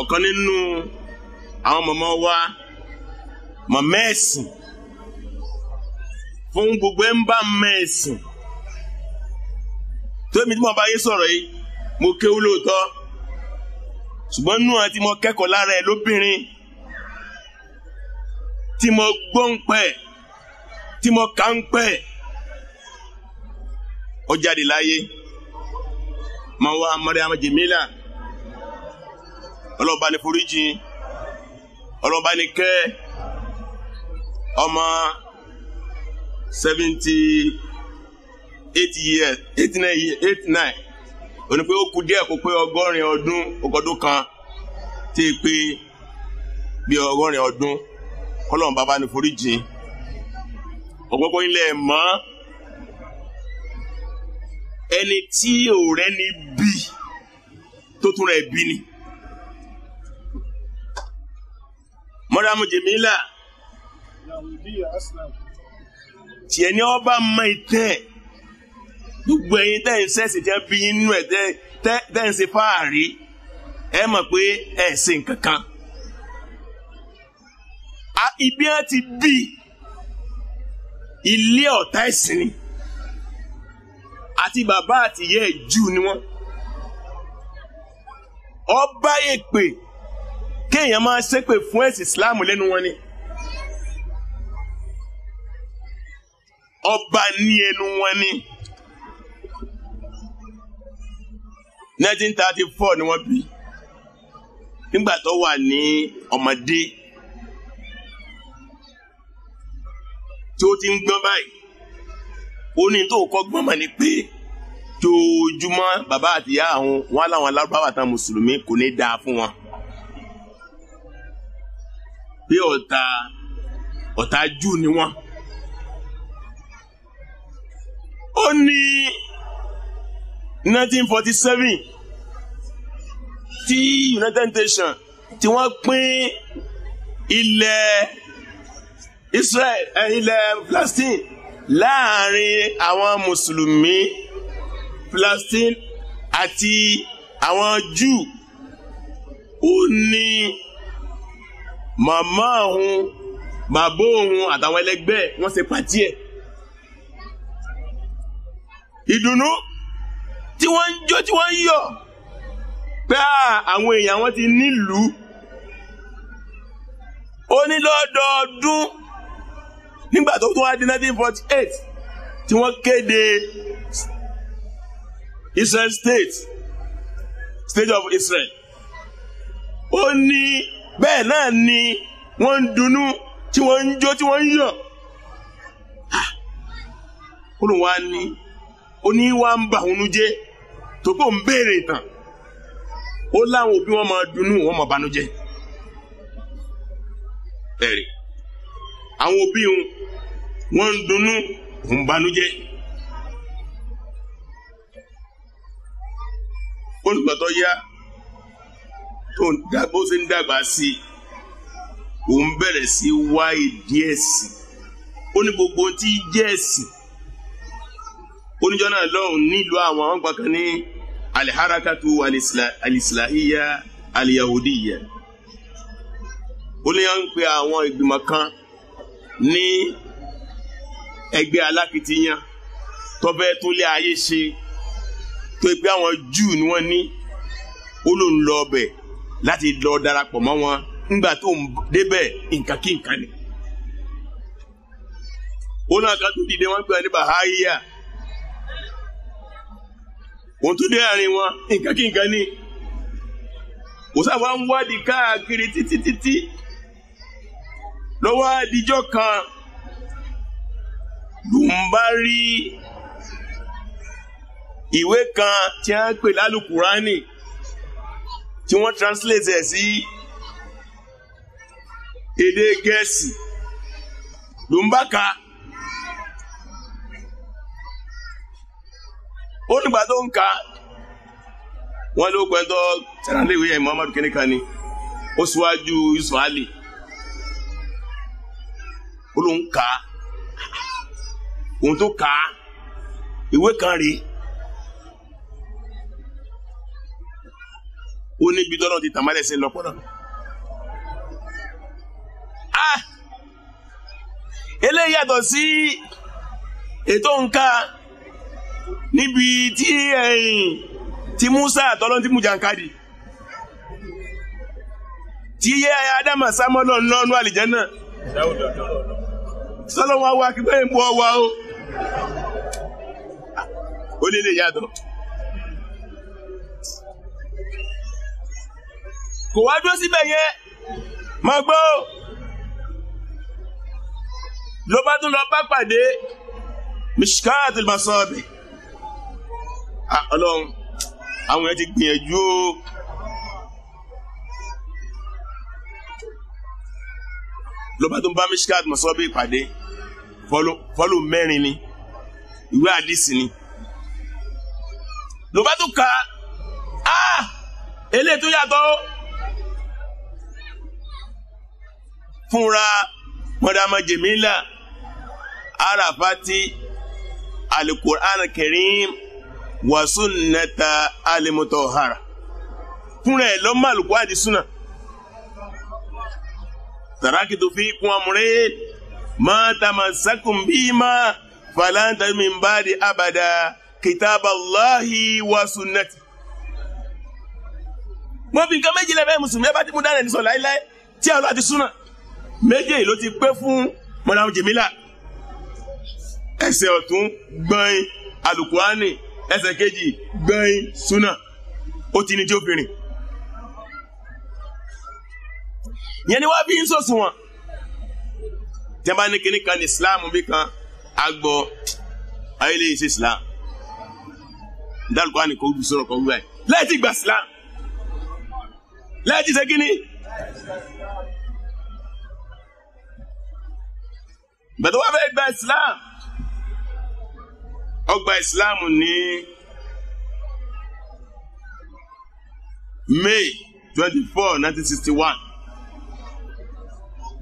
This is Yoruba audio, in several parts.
ọ̀kan nínú àwọn mọ̀mọ́ wa mọ̀mọ́ ẹ̀sìn fún gbogbo ẹ̀ ń bá mọ̀ ẹ̀sìn tómi tí mo bá yé sọ̀rọ̀ yìí mo kéwú lóòótọ́ ṣùgbọ́n nù àti mo kẹ́kọ̀ọ́ lára ẹ̀ lóbìnrin tí mo gbọ́ ń pẹ́ tí mo kà ń pẹ́ ó jáde láyé màwa Mariam Jemila ọlọ́ba ní foríjì ọlọ́ba ní kẹ́ ọmọ seventy eight years eighty nine eighty nine òní pé ó kù díẹ̀ kó pé ọgọ́rin ọdún ọgọ́dún kan tí ì pé bí ọgọ́rin ọdún kọ́lọ́n bàbá ní foríjì ọ̀pọ̀pọ̀ ilẹ̀ mọ́ ẹni tí ò rẹ́ni bí tó tún rẹ̀ bí ni. Bi, mọ́dàmú jẹ̀mílà tiẹ̀ ní ọba mọ ìtẹ́ gbogbo ẹ̀yin tẹ́ ń sẹ́sì tẹ́ bí inú ẹ̀ tẹ́ ń ṣe fáàrí ẹ mọ̀ pé ẹ̀ ṣe nǹkan kan ibi á ti bí ilé ọ̀tá ẹ̀sìn ni àti bàbá àti ìyá ẹ̀ jù ni wọ́n ọba èpè. E kéèyàn máa ṣépè fún ẹ̀sìn islam lẹ́nu wọn ni. ọba ní ẹnu wọn ni. 1934 ni wọ́n bí nígbà tó wà ní ọmọdé tí ó ti ń gbọ́n báyìí ó ní tó kọ́ gbọ́n mọ̀ ni pé tójúmọ́ bàbá àtìyá àwọn wọn láwọn alárúbáwá tán mùsùlùmí kò ní dáa fún wọn pé ọ̀tá ọ̀tá jù ni wọ́n. ó ní nineteen forty seven tí United Nations tí wọ́n pín ilẹ̀ Israel eh, ilẹ̀ Palestine láàrin àwọn mùsùlùmí Palestine àti àwọn Júù ó ní màmá òun bàbá òun àtàwọn ẹlẹgbẹ́ wọ́n ṣe pàtí ẹ̀ ìdùnnú tí wọ́n ń jó tí wọ́n ń yọ̀ pé àwọn èèyàn wọn ti nílùú ó ní lọ́dọọdún nígbà tó tún wá di nineteen forty eight tí wọ́n kéde Israel state state of Israel ó ní. bẹ́ẹ̀ náà ni wọ́n ń dunú tí wọ́n ń jó tí wọ́n ń yọ̀ olùwà ni oníwà ń bà wọn jẹ́ tó kó ń béèrè tán ó láwọn òbí wọn máa dunú wọn máa banújẹ́ ẹ̀rí àwọn òbí wọn wọn ń dunnú wọn ń banújẹ́ yá. tó ń bó ṣe ń dàgbà sí i òun bẹ̀rẹ̀ sí wá ìdí ẹ̀sìn ó ní gbogbo tí í jẹ́ ẹ̀sìn oníjọ́ náà lọ́hùn nílùú àwọn àwọn gbàkan ní aliharakatu alislahiya aliyahudiya ó ní à ń pe àwọn ìgbìmọ̀ kan ní ẹgbẹ́ alákìtiyan tọ́fẹ́ tó lé ayé ṣe tó pé àwọn Júù ni wọ́n ní ó lòun lọ bẹ̀ẹ́ láti lọ darapọ̀ mọ́ wọn ńgbà tó ń débẹ̀ nǹkan kí nǹkan ni. ó náà ká tó dìde wọn gbé ní bahaiya òun tó dé àárín wọn nǹkan kí nǹkan ni. kò sábà ń wádìí káàkiri títí títí lọ́wọ́ àdìjọ́ kan ló bá rí ìwé kan tí wọ́n ń pè lálùkùránì tí wọ́n translate ẹ̀ sí èdè gẹ̀ẹ́sì ló ń bá ka ó nígbà tó ń ka wọ́n ló pẹ́ tó tẹ̀lé ìwé ẹ̀ Muhammadu kẹ́nìkan ni ó síwájú Yusuf ó ló ń ka òun tó ka ìwé kan rèé. ó níbi tọ́lọ́ ti tàn mọ́lẹ̀ sí lọ́pọ̀ náà. Ah! eléyìí yàtọ̀ sí ètò nǹkan níbi tí ẹ̀yìn ti Musa àtọ́lọ́ ti mú jàǹkadì tí yé adama samuel lọ́nu àlìjẹ́ náà sọlọ́wọ́ wa kí bẹ́ẹ̀ ń bọ́ wa o ah! ó lè lè yàtọ̀. kò wá dúró síbẹ̀ yẹn máa gbọ́ ló bá tún lọ bá pàdé mishkat masobi ọlọ́run àwọn yẹn ti gbìyànjú o. ló bá tún bá mishkat masobi pàdé fọlù mẹ́rin ni ìwé àdìsí ni ló bá tún ka ah eléyìí tó yàtọ̀ o. fúnra mọdàmọ jẹmílà arafati alukur'an karim wàsúnnata alimutọhara fúnra ẹ lọ́mọ àlùkò àdìsúnà tàràkìtò fi kún amúrẹ́ máa tàmásàkùn bíi máa falanta min ba'di abada kitaballahi wa sunnati. mo fi nǹkan méjìlá bẹ́ẹ̀ mùsùlùmí ẹ bá ti mú dáná ẹni sọ láéláé tí a lọ àti méjèèjì ló ti pé fún madam Jemila ẹsẹ̀ ọ̀tún gbọnyin alukuhani ẹsẹ̀ kejì gbọnyin suna ó ti ní tí ó fi rìn yẹn ni wàá fi ń sòsùn wọn tí a bá ní kíní kan ní islam bí kan agbọ ayé lè ṣe islam dálùkọ́ àni kò gbù sọ̀rọ̀ kọ́ láì ti gba islam láì ti ṣe kíní gbẹ̀dọ̀ wá fẹ́ gba islam ó gba islam ní may twenty four nineteen sixty one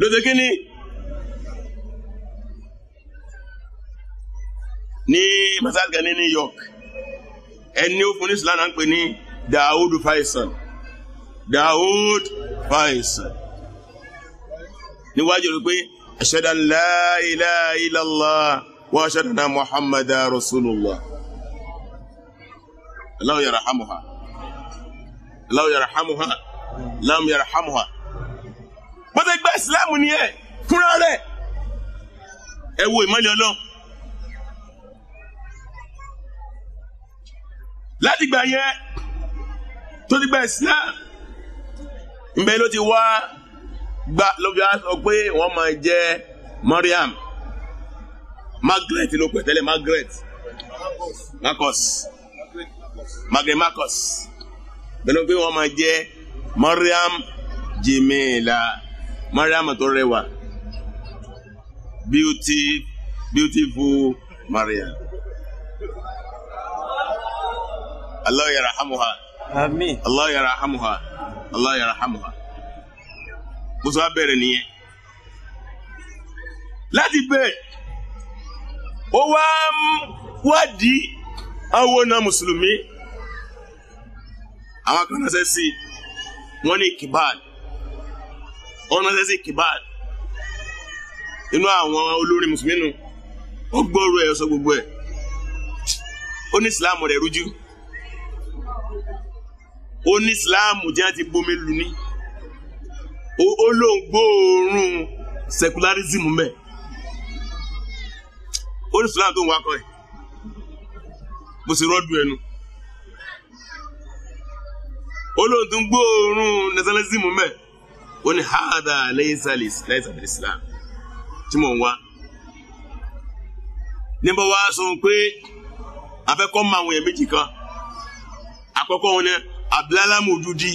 lóde kínní ní masalga ní New York ẹni ó fún ní islam náà ń pè ní Daoud Faisal Daoud Faisal níwájú rẹ pé. أشهد أن لا إله إلا الله وأشهد أن محمدا رسول الله الله يرحمها الله يرحمها لم يرحمها bọ́dẹ̀ gba ìsìláàmù ni ẹ fúnra rẹ̀ ẹ wo ìmọ̀lẹ̀ ọlọ́run láti gbà yẹn tó ti gba ìsìláàmù ìbẹ̀ ló ti wá gba ló fi wá sọ pé wọ́n máa jẹ́ Mariam Margaret ló pè tẹ́lẹ̀ Margaret Marcus Margaret Marcus bẹ́ẹ̀ pé wọ́n máa jẹ́ Mariam Jimila Mariam tó rẹwà beauty beautiful Mariam. Allah yarhamuha. Amin. Allah yarhamuha. Allah yarhamuha bó sọ bẹ̀rẹ̀ nìyẹn láti bẹ́ẹ̀ ó wá wádìí àwọn náà mùsùlùmí àwọn kan ránṣẹ́ sí wọ́n ní kibad wọ́n ránṣẹ́ sí kibad inú àwọn olórí mùsùlùmí nu ó gbọ́rọ̀ ẹ̀ sọ gbogbo ẹ̀ ó ní ìsìláàmù rẹ̀ rújú ó ní ìsìláàmù jẹ́ àti bomi lu ní. O lóun gbóòórùn secularism mẹ́ oríṣiríṣi tó ń wakọ̀ ẹ̀ bó ṣe rọ́ọ̀dù ẹnu olóhùn nationalism mẹ́ ó ní haada laysa laysa bil islam tí mò ń wá níbo wá sọ pé afẹ́kọ́ mọ kan àkọ́kọ́ wọn ni dudi.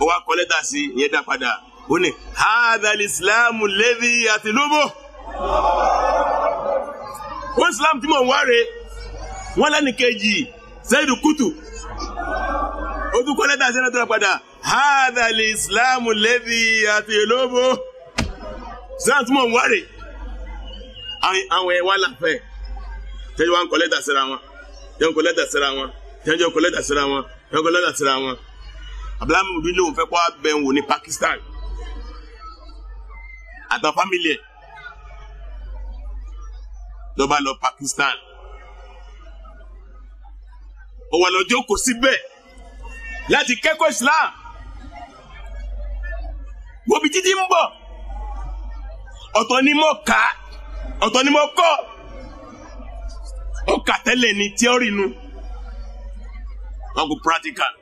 ó wá kọ lẹ́tà sí ìyẹn dá padà ó ní hadal islam levi àti lóbò wọ́n islam tí mò ń wáre wọ́n lẹ́nìkejì sẹ́yìn kùtù ó tún kọ lẹ́tà sí ìyẹn dá padà hadal islam levi àti lóbò islam tí mò ń wáre àwọn ẹ̀ wá tẹ́jú wa ń kọ lẹ́tà síra wọn tẹ́jú kọ lẹ́tà síra wọn tẹ́jú kọ lẹ́tà síra wọn tẹ́jú kọ lẹ́tà síra wọn abdulhami mudu lóun fẹ́ kó abẹ́ wò ní Pakistan àtàn fámìlì ẹ̀ lọ́ba lọ Pakistan ó wà lọ́jọ́ kò síbẹ̀ láti kẹ́kọ̀ọ́ Islam gbobi títí ń bọ̀ ọ̀tọ̀ ni mo kà ọ̀tọ̀ ni mo kọ́ ó kà tẹ́lẹ̀ ní tíọ́rì nu wọn practical.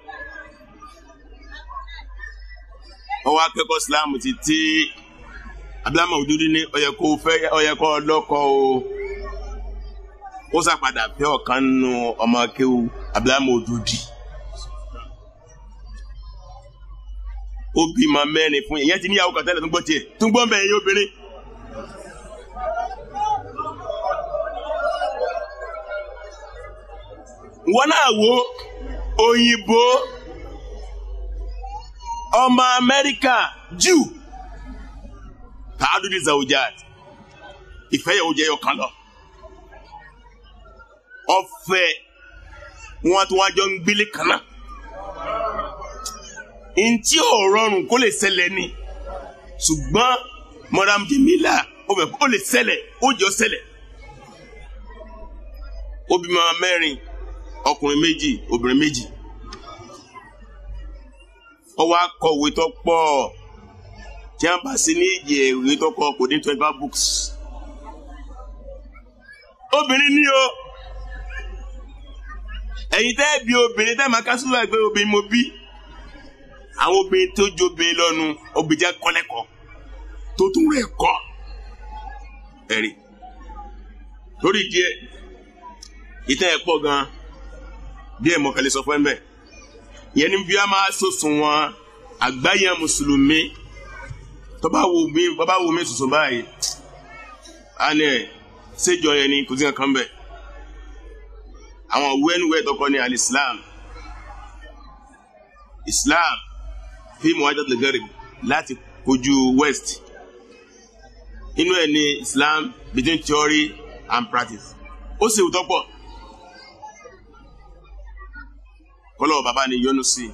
wọ́n wá kẹ́kọ̀ọ́ síláàmù ti tí abdulhamid odúdú ní ó yẹ kó fẹ́ ó yẹ kó lọ́kọ o ó sàpadà fẹ́ ọ̀kan nù ọmọ akéwu abdulhamid odúdú ó bímọ mẹ́rin fún yẹn ti níyàwó kan tẹ́lẹ̀ tó ń gbọ́ tiẹ̀ tó ń gbọ́ mẹ́rin yóò bẹ̀rẹ̀. wọn náà wo òyìnbó ọmọ amẹ́ríkà jù tààdù ní zawujad ìfẹ́yàwó jẹyọ kan lọ ọ̀fẹ́ wọn tí wọn jọ ń gbélé kan náà ntí ò rọrùn kó lè ṣẹlẹ̀ ni ṣùgbọ́n madam Jamila ó fẹ́ kó lè ṣẹlẹ̀ ó jọ ṣẹlẹ̀ ó bímọ mẹ́rin ọkùnrin méjì obìnrin méjì ó wá kọ ìwé tó pọ̀ tí wọ́n bá sí ní ìjì ìwé tó kọ kò dé twenty five books obìnrin ní o ẹ̀yin tẹ́ bí obìnrin tẹ́ máa kásùlù àgbẹ̀ obìnrin mo bí àwọn obìnrin tó jó obìnrin lọ́nu obìnrin jẹ́ kọ́lẹ́kọ̀ọ́ tó tún rẹ̀ kọ́ ẹ̀rí lórí díẹ̀ ìtẹ́ ẹ̀ pọ̀ gan-an díẹ̀ mọ̀kànlẹ́ sọ fún ẹ̀ mẹ́ẹ̀ yẹni bí a máa sòsùn wọn àgbáyé mùsùlùmí tọ́ba wo mi bàbá wo mi sòsùn báyìí a ní ẹ̀ séjọ kò sí kankan bẹ̀ àwọn wẹ́nuwẹ́ tọkọ ní alislam islam fi muwájà tó gẹ́rì láti kojú west inú ẹ̀ e ní islam between theory and practice ó sì wù tọ́pọ̀. kọ́lọ́wọ́ bàbá ni yọ́nú sí i.